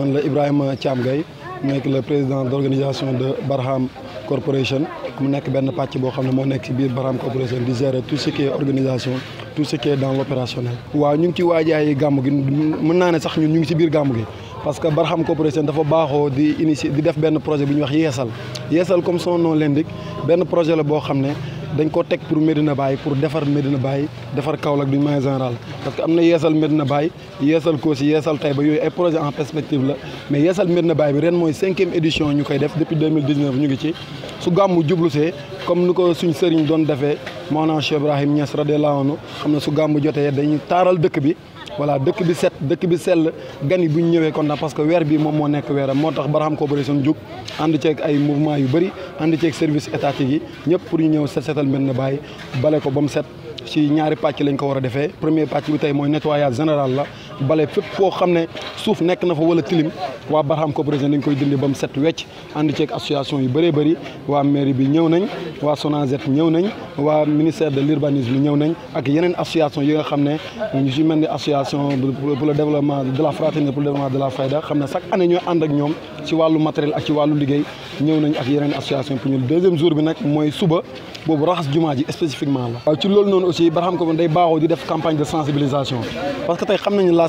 man la Ibrahima Thiam Gaye mu nekk le président d' organisation de Barham Corporation mu nekk benn pàcc boo xam ne moo nekk ci biir Barham Corporation di gérer tout ce qui organisation tout ce qui dans l' waaw ñu ngi ci waajaay gàmm gi mën naa ne sax ñun ñu ngi ci biir gàmm gi parce que Barham Corporation dafa baaxoo di initier di def benn projet bu ñu wax yeesal yeesal comme son leen l'indique benn projet la boo xam ne. dañ ko teg pour na Baye pour defar Medina Baye defar Kaolack du moyen général parce que am na yeesal Medina Baye yeesal Kossy yeesal ba yooyu ay projet en perspective la mais yeesal na Baye bi ren mooy cinquième édition ñu koy def depuis 2019 ñu ngi ci su gàmmu jublusee comme ni ko suñ sëriñ doon defee maanaam Cheikh Ibrahim Niass la anhu xam ne su gàmmu jotee dañuy taaral dëkk bi voilà dëkk bi set dëkk bi sell gan yi bu ñu ñëwee kontaan parce que weer bi moom moo nekk weeram moo tax Barham Corporation jóg ànd ceeg ay mouvement yu bëri ànd ceeg service étatique yi ñëpp pour ñu ñëw set setal Médina Baye bale ko ba mu set si ñaari pàcc lañ ko war a defee premier pàcc bi tey mooy nettoyage général la bale fépp foo xam ne nek nekk wala tilim wa Barham Corporation dañ koy dindi ba mu set wecc ànd ceeg association yu bëree bëri waa mairie bi ñëw nañ waa SONAGED ñëw nañ ministère de l'urbanisme ñëw nañ ak yeneen association yi nga xam ñu ci mel association pour le développement de la fraternité pour le développement de la fayda xam ne chaque année ñooy ànd ak ñoom ci wàllu matériel ak ci wàllu liggéey ñëw nañ ak association pour ñu deuxième jour bi nag mooy suba boobu raxas jumaa spécifiquement la waaw ci loolu aussi Barham ko day baaxoo di def campagne de sensibilisation parce que tay xam nañ la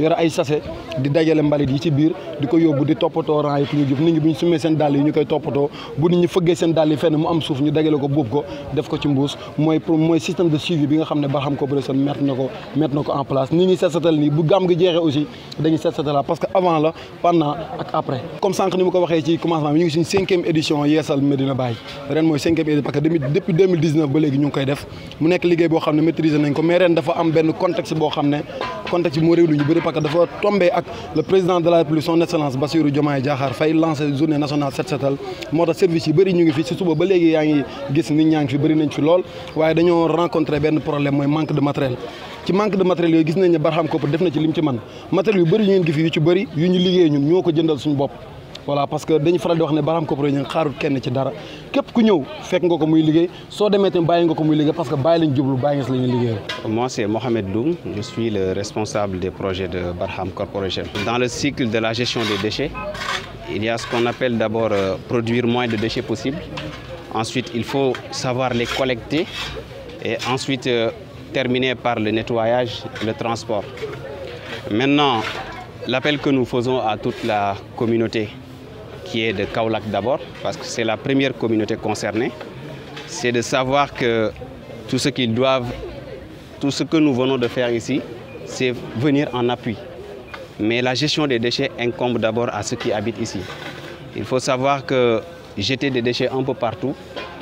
yor ay sachet di dajale mbalit yi ci biir di ko yóbbu di toppatoo rang yi ku ñu jub nit ñi bu ñu sumee seen yi ñukay koy bu nit ñi fëggee sen dal yi fenn mu am suuf ñu dajale ko bop ko def ko ci mbuus moy moy système de suivi bi nga xamné ba xam Corporation mettre na ko mettre na ko en place ni ñuy seet ni bu gam gi jeexee aussi dañuy seet seetal parce que avant la pendant ak après comme sank ni mu ko waxé ci commencement ñu ngi ci 5e édition yeesal Medina bay ren moy 5e édition parce que depuis 2019 ba légui ñu ngi koy def mu nekk liggéey bo xamné maîtriser nañ ko mais ren dafa am ben contexte bo xamné contexte bi moo réew lu ñu bëri parce que dafa tombé ak le président de la république son excellence Bassirou Diomaye Diakhar Faye lancé journée nationale set setal moo tax service yi bëri ñu ngi fi si suba ba léegi yaa ngi gis nit ñaa ngi fi bëri nañ fi lool waaye dañoo rencontré benn problème mooy manque de matériel ci manque de matériel yooyu gis nañ ne Barham yu ñu ngi fi yu ci bëri yu ñu liggéey ñun ñoo ko jëndal suñu bopp voilà parce que dañu faral di wax ne Barham Cambérène xaarut kenn ci dara képp ku ñëw fekk nga ko muy liggéey so démé tamit bayé nga ko muy liggéey parce que bayé lañ jublu bayé nga la liggéey. Moi c'est Mohamed Doum je suis le responsable des projets de Barham Corporation. Dans le cycle de la gestion des déchets il y a ce qu'on appelle d'abord euh, produire moins de déchets possible ensuite il faut savoir les collecter et ensuite euh, terminer par le nettoyage le transport. Maintenant l'appel que nous faisons à toute la communauté qui est de Kaolac d'abord, parce que c'est la première communauté concernée, c'est de savoir que tout ce qu'ils doivent, tout ce que nous venons de faire ici, c'est venir en appui. Mais la gestion des déchets incombe d'abord à ceux qui habitent ici. Il faut savoir que jeter des déchets un peu partout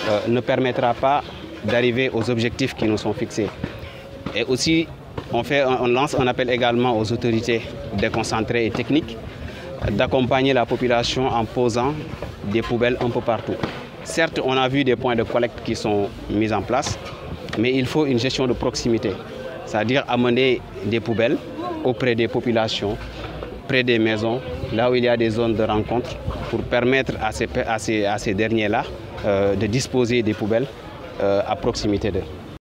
euh, ne permettra pas d'arriver aux objectifs qui nous sont fixés. Et aussi, on, fait, on lance un appel également aux autorités déconcentrées et techniques d'accompagner la population en posant des poubelles un peu partout. Certes, on a vu des points de collecte qui sont mis en place, mais il faut une gestion de proximité, c'est-à-dire amener des poubelles auprès des populations, près des maisons, là où il y a des zones de rencontre, pour permettre à ces, derniers-là euh, de disposer des poubelles euh, à proximité d'eux.